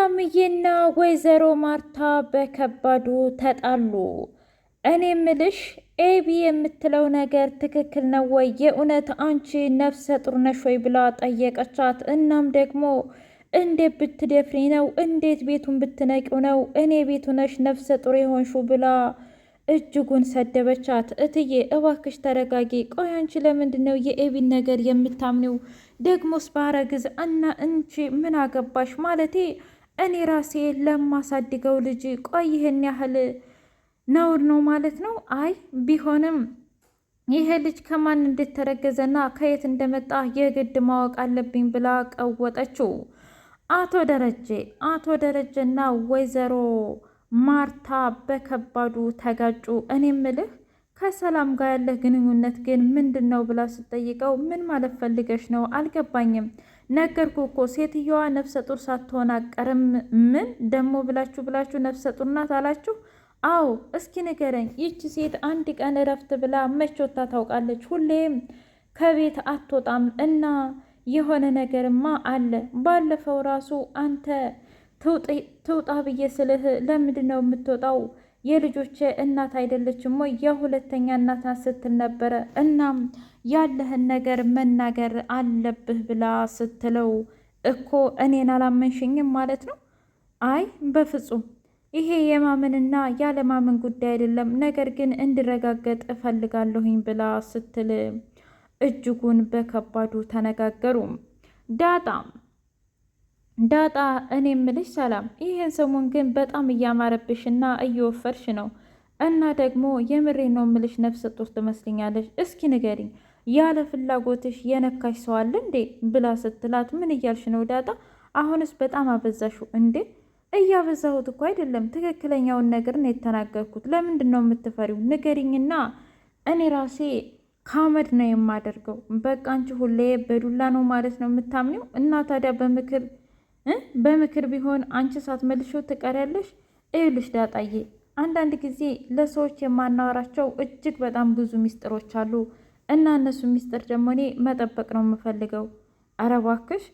ሰላምዬና ወይዘሮ ማርታ በከባዱ ተጣሉ። እኔ ምልሽ ኤቢ የምትለው ነገር ትክክል ነው ወይ? የእውነት አንቺ ነፍሰ ጡር ነሽ ወይ ብላ ጠየቀቻት። እናም ደግሞ እንዴት ብትደፍሪ ነው? እንዴት ቤቱን ብትነቂው ነው? እኔ ቤቱ ነሽ ነፍሰ ጡር የሆንሹ ብላ እጅጉን ሰደበቻት። እትዬ እባክሽ ተረጋጊ። ቆይ አንቺ ለምንድን ነው የኤቢን ነገር የምታምኒው? ደግሞስ ባረግዝ እና እንቺ ምን አገባሽ ማለቴ እኔ ራሴ ለማሳድገው ልጅ ቆይ ይህን ያህል ነውር ነው ማለት ነው? አይ ቢሆንም ይሄ ልጅ ከማን እንደተረገዘና ከየት እንደመጣ የግድ ማወቅ አለብኝ ብላ ቀወጠችው። አቶ ደረጀ አቶ ደረጀና ወይዘሮ ማርታ በከባዱ ተጋጩ። እኔ ምልህ ከሰላም ጋር ያለህ ግንኙነት ግን ምንድን ነው ብላ ስጠይቀው ምን ማለት ፈልገሽ ነው አልገባኝም ነገርኩ እኮ ሴትየዋ ነፍሰ ጡር ሳትሆን አቀርም። ምን ደሞ ብላችሁ ብላችሁ ነፍሰ ጡር ናት አላችሁ? አዎ እስኪ ንገረኝ፣ ይቺ ሴት አንድ ቀን እረፍት ብላ መቾታ ታውቃለች? ሁሌም ከቤት አትወጣም እና የሆነ ነገርማ አለ። ባለፈው ራሱ አንተ ትውጣ ብዬ ስልህ ለምንድን ነው የምትወጣው የልጆቼ እናት አይደለችም ወይ የሁለተኛ እናት ስትል ነበረ። እናም ያለህን ነገር መናገር አለብህ ብላ ስትለው እኮ እኔን አላመንሽኝም ማለት ነው? አይ በፍጹም ይሄ የማመንና ያለማመን ጉዳይ አይደለም፣ ነገር ግን እንድረጋገጥ እፈልጋለሁኝ ብላ ስትል እጅጉን በከባዱ ተነጋገሩ ዳጣም ዳጣ እኔ ምልሽ ሰላም፣ ይህን ሰሞን ግን በጣም እያማረብሽ እና እየወፈርሽ ነው እና ደግሞ የምሬ ነው ምልሽ ነፍሰ ጡር ትመስልኛለሽ። እስኪ ንገሪኝ ያለ ፍላጎትሽ የነካሽ ሰው አለ እንዴ? ብላ ስትላት ምን እያልሽ ነው ዳጣ? አሁንስ በጣም አበዛሹ እንዴ? እያበዛሁት እኮ አይደለም፣ ትክክለኛውን ነገር ነው የተናገርኩት። ለምንድን ነው የምትፈሪው? ንገሪኝና እኔ ራሴ ካመድ ነው የማደርገው። በቃ አንቺ ሁሌ በዱላ ነው ማለት ነው የምታምኘው እና ታዲያ በምክር በምክር ቢሆን አንቺ ሳትመልሾ ትቀሪያለሽ። ይኸውልሽ ዳጣዬ፣ አንዳንድ ጊዜ ለሰዎች የማናወራቸው እጅግ በጣም ብዙ ሚስጥሮች አሉ እና እነሱ ሚስጥር ደግሞ እኔ መጠበቅ ነው የምፈልገው። ኧረ እባክሽ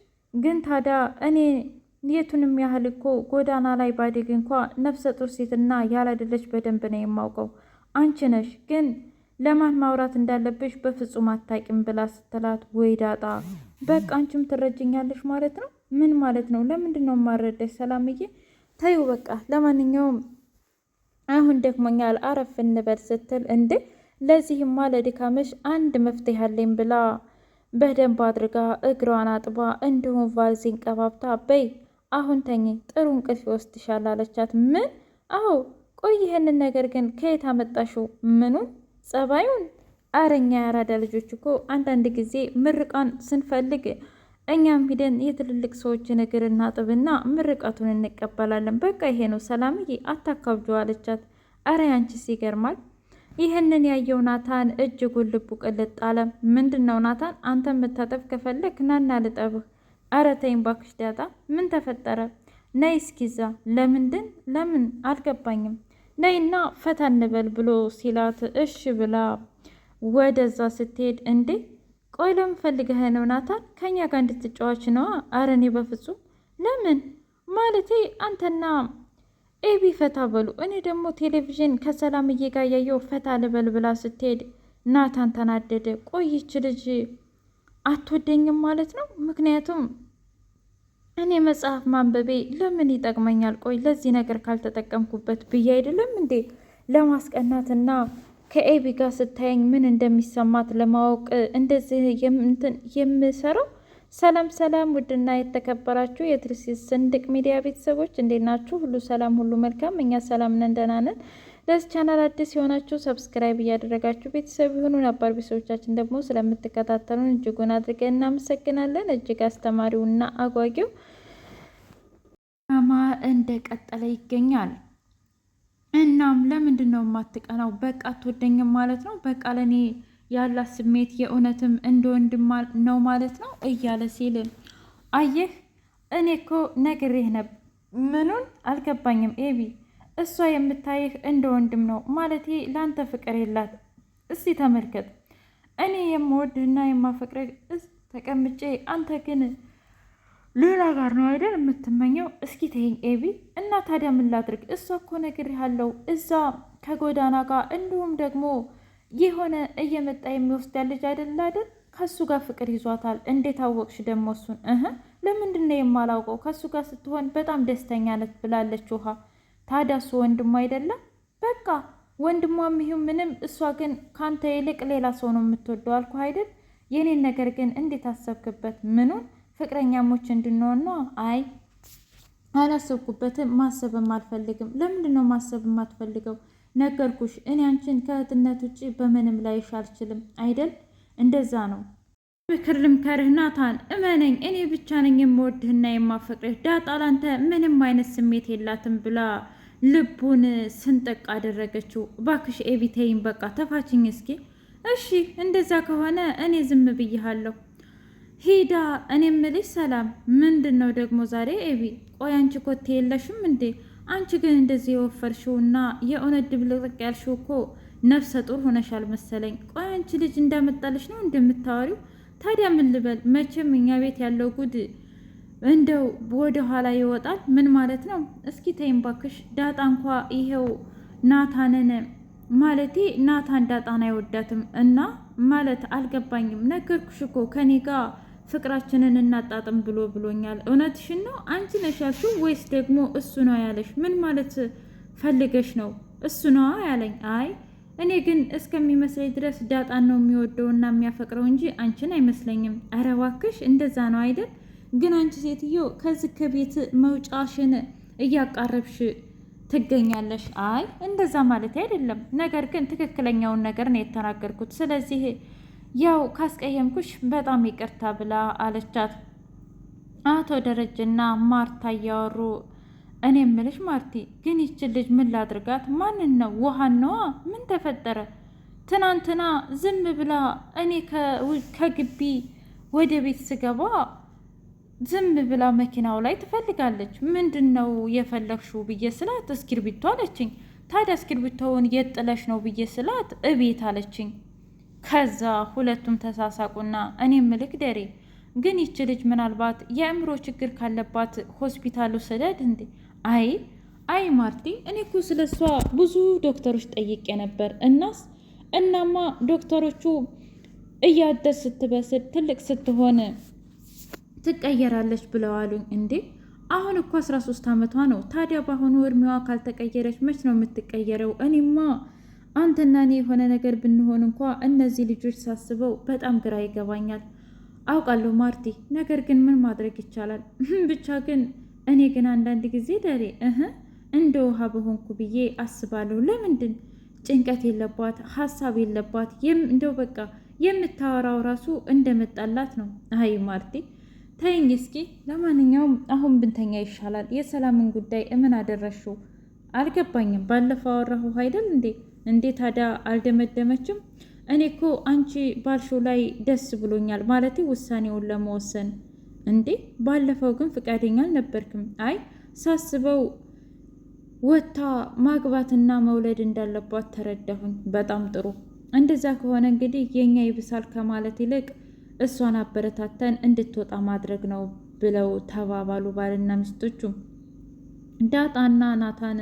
ግን ታዲያ እኔ የቱንም ያህል እኮ ጎዳና ላይ ባደግ እንኳ ነፍሰ ጡር ሴትና ያላደለች በደንብ ነው የማውቀው። አንቺ ነሽ ግን ለማን ማውራት እንዳለብሽ በፍጹም አታቂም ብላ ስትላት፣ ወይ ዳጣ በቃ አንቺም ትረጅኛለሽ ማለት ነው ምን ማለት ነው? ለምንድን ነው የማረዳሽ? ሰላምዬ ተይው በቃ ለማንኛውም አሁን ደክሞኛል አረፍ እንበል ስትል እንዴ ለዚህማ ለድካምሽ አንድ መፍትሄ አለኝ ብላ በደንብ አድርጋ እግሯን አጥባ እንዲሁም ቫዝሊን ቀባብታ በይ አሁን ተኝ ጥሩ እንቅልፍ ይወስድሻል አለቻት። ምን? አሁ ቆይ ይህንን ነገር ግን ከየት አመጣሽው? ምኑን? ጸባዩን? አረኛ ያራዳ ልጆች እኮ አንዳንድ ጊዜ ምርቃን ስንፈልግ እኛም ሂደን የትልልቅ ሰዎችን እግር እናጥብና ምርቃቱን እንቀበላለን። በቃ ይሄ ነው ሰላምዬ፣ አታካብጆ አለቻት። አረ ያንቺስ ይገርማል። ይህንን ያየው ናታን እጅጉን ልቡ ቅልጥ አለ። ምንድን ነው ናታን፣ አንተ የምታጠብ ከፈለግ ናና ልጠብህ። አረ ተይኝ ባክሽ ዳጣ፣ ምን ተፈጠረ? ነይ እስኪዛ። ለምንድን ለምን አልገባኝም። ነይና ፈታ እንበል ብሎ ሲላት እሺ ብላ ወደዛ ስትሄድ እንዴ ቆይ ለምን ፈልገህ ነው ናታን? ከእኛ ጋር እንድትጫዋች ነዋ። አረ እኔ በፍጹም ለምን ማለቴ አንተና ኤቢ ፈታ በሉ፣ እኔ ደግሞ ቴሌቪዥን ከሰላምዬ ጋር ፈታ ልበል ብላ ስትሄድ ናታን ተናደደ። ቆይች ልጅ አትወደኝም ማለት ነው? ምክንያቱም እኔ መጽሐፍ ማንበቤ ለምን ይጠቅመኛል? ቆይ ለዚህ ነገር ካልተጠቀምኩበት ብዬ አይደለም እንዴ ለማስቀናትና ከኤቢ ጋር ስታየኝ ምን እንደሚሰማት ለማወቅ እንደዚህ የምሰራው። ሰላም ሰላም! ውድና የተከበራችሁ የትርሲ ስንድቅ ሚዲያ ቤተሰቦች እንዴት ናችሁ? ሁሉ ሰላም፣ ሁሉ መልካም። እኛ ሰላም ነን፣ ደህና ነን። ለዚህ ቻናል አዲስ የሆናችሁ ሰብስክራይብ እያደረጋችሁ ቤተሰብ የሆኑ ነባር ቤተሰቦቻችን ደግሞ ስለምትከታተሉን እጅጉን አድርገን እናመሰግናለን። እጅግ አስተማሪውና አጓጊው ድራማ እንደቀጠለ ይገኛል። እናም ለምንድን ነው የማትቀናው? በቃ አትወደኝም ማለት ነው። በቃ ለእኔ ያላት ስሜት የእውነትም እንደ ወንድም ነው ማለት ነው እያለ ሲል አየህ፣ እኔ እኮ ነግሬህ ነበር። ምኑን አልገባኝም ኤቢ። እሷ የምታይህ እንደ ወንድም ነው ማለት ለአንተ ፍቅር የላት። እስቲ ተመልከት፣ እኔ የምወድህና የማፈቅረህ ተቀምጬ አንተ ግን ሌላ ጋር ነው አይደል የምትመኘው? እስኪ ተይኝ ኤቢ። እና ታዲያ ምን ላድርግ? እሷ እኮ ነግሬሃለሁ፣ እዛ ከጎዳና ጋር እንዲሁም ደግሞ የሆነ እየመጣ የሚወስድ ያለች አይደል አይደል? ከሱ ጋር ፍቅር ይዟታል። እንዴት አወቅሽ ደግሞ እሱን? እህ ለምንድን ነው የማላውቀው? ከሱ ጋር ስትሆን በጣም ደስተኛ ነት ብላለች ውሃ። ታዲያ እሱ ወንድሟ አይደለም? በቃ ወንድሟም ይሁን ምንም፣ እሷ ግን ከአንተ ይልቅ ሌላ ሰው ነው የምትወደው። አልኩህ አይደል? የኔን ነገር ግን እንዴት አሰብክበት? ምኑን ፍቅረኛሞች እንድንሆን ነው። አይ አላሰብኩበትም፣ ማሰብም አልፈልግም። ለምንድን ነው ማሰብ የማትፈልገው? ነገርኩሽ፣ እኔ አንቺን ከእህትነት ውጭ በምንም ላይሽ አልችልም አይደል? እንደዛ ነው። ምክር ልምከርህ ናታን፣ እመነኝ፣ እኔ ብቻ ነኝ የምወድህና የማፈቅርህ። ዳጣ ላንተ ምንም አይነት ስሜት የላትም ብላ ልቡን ስንጠቅ አደረገችው። ባክሽ ኤቢቴይን፣ በቃ ተፋችኝ እስኪ። እሺ እንደዛ ከሆነ እኔ ዝም ብያሃለሁ። ሂዳ እኔ የምልሽ ሰላም፣ ምንድን ነው ደግሞ ዛሬ? ኤቢ ቆይ አንቺ ኮቴ የለሽም እንዴ? አንቺ ግን እንደዚህ የወፈርሽውና የእውነት ድብልቅልቅ ያልሽው እኮ ነፍሰ ጡር ሆነሻል መሰለኝ። ቆይ አንቺ ልጅ እንዳመጣልሽ ነው እንደምታወሪው? ታዲያ ምን ልበል? መቼም እኛ ቤት ያለው ጉድ እንደው ወደ ኋላ ይወጣል። ምን ማለት ነው? እስኪ ተይም ባክሽ። ዳጣ እንኳ ይሄው ናታንን ማለቴ ናታን ዳጣን አይወዳትም እና ማለት አልገባኝም። ነገርኩሽ እኮ ከኔ ጋር ፍቅራችንን እናጣጥም ብሎ ብሎኛል። እውነትሽን ነው አንቺ ነሽ ያልሽው ወይስ ደግሞ እሱ ነው ያለሽ? ምን ማለት ፈልገሽ ነው? እሱ ነው ያለኝ። አይ እኔ ግን እስከሚመስለኝ ድረስ ዳጣን ነው የሚወደውና የሚያፈቅረው እንጂ አንቺን አይመስለኝም። ኧረ እባክሽ እንደዛ ነው አይደል? ግን አንቺ ሴትዮ ከዚህ ከቤት መውጫሽን እያቃረብሽ ትገኛለሽ። አይ እንደዛ ማለት አይደለም፣ ነገር ግን ትክክለኛውን ነገር ነው የተናገርኩት። ስለዚህ ያው ካስቀየምኩሽ በጣም ይቅርታ ብላ አለቻት። አቶ ደረጀና ማርታ እያወሩ እኔ ምልሽ ማርቲ፣ ግን ይችን ልጅ ምን ላድርጋት? ማንን ነው? ውሃን ነዋ። ምን ተፈጠረ? ትናንትና ዝም ብላ እኔ ከግቢ ወደ ቤት ስገባ ዝም ብላ መኪናው ላይ ትፈልጋለች። ምንድን ነው የፈለግሽው ብዬ ስላት እስክርቢቶ አለችኝ። ታዲያ እስክርቢቶውን የጥለሽ ነው ብዬ ስላት እቤት አለችኝ። ከዛ ሁለቱም ተሳሳቁና እኔ ምልክ ደሬ ግን ይች ልጅ ምናልባት የእምሮ ችግር ካለባት ሆስፒታሉ ስደድ እንዴ? አይ አይ ማርቲ፣ እኔ እኮ ስለ እሷ ብዙ ዶክተሮች ጠይቄ ነበር። እናስ እናማ ዶክተሮቹ እያደር ስትበስል ትልቅ ስትሆን ትቀየራለች ብለዋሉኝ። እንዴ አሁን እኮ 13 ዓመቷ ነው። ታዲያ በአሁኑ እድሜዋ ካልተቀየረች መች ነው የምትቀየረው? እኔማ አንተና እኔ የሆነ ነገር ብንሆን እንኳ እነዚህ ልጆች ሳስበው በጣም ግራ ይገባኛል። አውቃለሁ ማርቲ፣ ነገር ግን ምን ማድረግ ይቻላል? ብቻ ግን እኔ ግን አንዳንድ ጊዜ ደሬ እህ እንደ ውሃ በሆንኩ ብዬ አስባለሁ። ለምንድን ጭንቀት የለባት ሀሳብ የለባት እንደው በቃ የምታወራው ራሱ እንደመጣላት ነው። አይ ማርቲ ተይኝ እስኪ። ለማንኛውም አሁን ብንተኛ ይሻላል። የሰላምን ጉዳይ እምን አደረሽው? አልገባኝም። ባለፈው አወራሁ አይደል እንዴ? እንዴ ታዲያ አልደመደመችም? እኔ እኮ አንቺ ባልሾ ላይ ደስ ብሎኛል ማለት ውሳኔውን ለመወሰን እንዴ ባለፈው ግን ፍቃደኛ አልነበርክም። አይ ሳስበው ወታ ማግባትና መውለድ እንዳለባት ተረዳሁኝ። በጣም ጥሩ። እንደዛ ከሆነ እንግዲህ የእኛ ይብሳል ከማለት ይልቅ እሷን አበረታተን እንድትወጣ ማድረግ ነው ብለው ተባባሉ ባልና ሚስቶቹ ዳጣና ናታን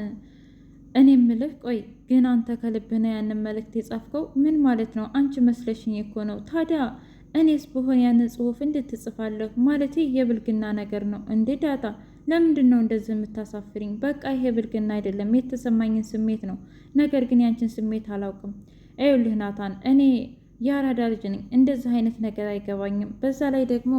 እኔ ምልህ ቆይ ግን አንተ ከልብህ ነው ያንን መልእክት የጻፍከው? ምን ማለት ነው? አንቺ መስለሽኝ እኮ ነው። ታዲያ እኔስ ብሆን ያንን ጽሁፍ እንድትጽፋለሁ ማለት የብልግና ነገር ነው እንዴ? ዳጣ ለምንድን ነው እንደዚህ የምታሳፍሪኝ? በቃ ይሄ ብልግና አይደለም፣ የተሰማኝን ስሜት ነው። ነገር ግን ያንቺን ስሜት አላውቅም። ይኸውልህ ናታን፣ እኔ የአራዳ ልጅ ነኝ። እንደዚህ አይነት ነገር አይገባኝም። በዛ ላይ ደግሞ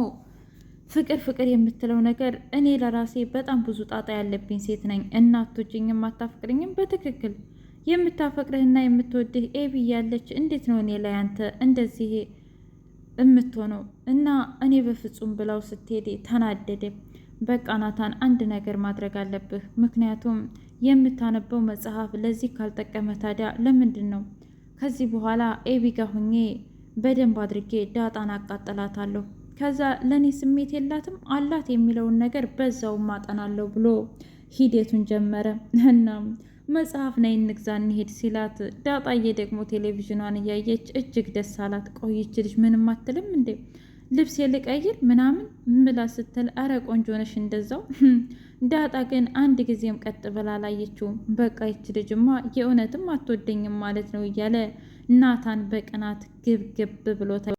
ፍቅር ፍቅር የምትለው ነገር እኔ ለራሴ በጣም ብዙ ጣጣ ያለብኝ ሴት ነኝ እና አትወጂኝም፣ አታፍቅርኝም። በትክክል የምታፈቅርህና የምትወድህ ኤቢ ያለች እንዴት ነው እኔ ላይ አንተ እንደዚህ የምትሆነው? እና እኔ በፍጹም ብላው ስትሄድ ተናደደ። በቃ ናታን አንድ ነገር ማድረግ አለብህ፣ ምክንያቱም የምታነበው መጽሐፍ ለዚህ ካልጠቀመ ታዲያ ለምንድን ነው ከዚህ በኋላ ኤቢ ጋር ሁኜ በደንብ አድርጌ ዳጣን አቃጠላታለሁ። ከዛ ለእኔ ስሜት የላትም አላት የሚለውን ነገር በዛው ማጠናለሁ ብሎ ሂደቱን ጀመረ። እናም መጽሐፍ ነይ እንግዛ እንሄድ ሲላት፣ ዳጣዬ ደግሞ ቴሌቪዥኗን እያየች እጅግ ደስ አላት። ቆይች ልጅ ምንም አትልም እንዴ ልብስ የልቀይር ምናምን ምላ ስትል፣ አረ ቆንጆ ነሽ እንደዛው። ዳጣ ግን አንድ ጊዜም ቀጥ ብላ አላየችውም። በቃ ይች ልጅማ የእውነትም አትወደኝም ማለት ነው እያለ ናታን በቅናት ግብግብ ብሎ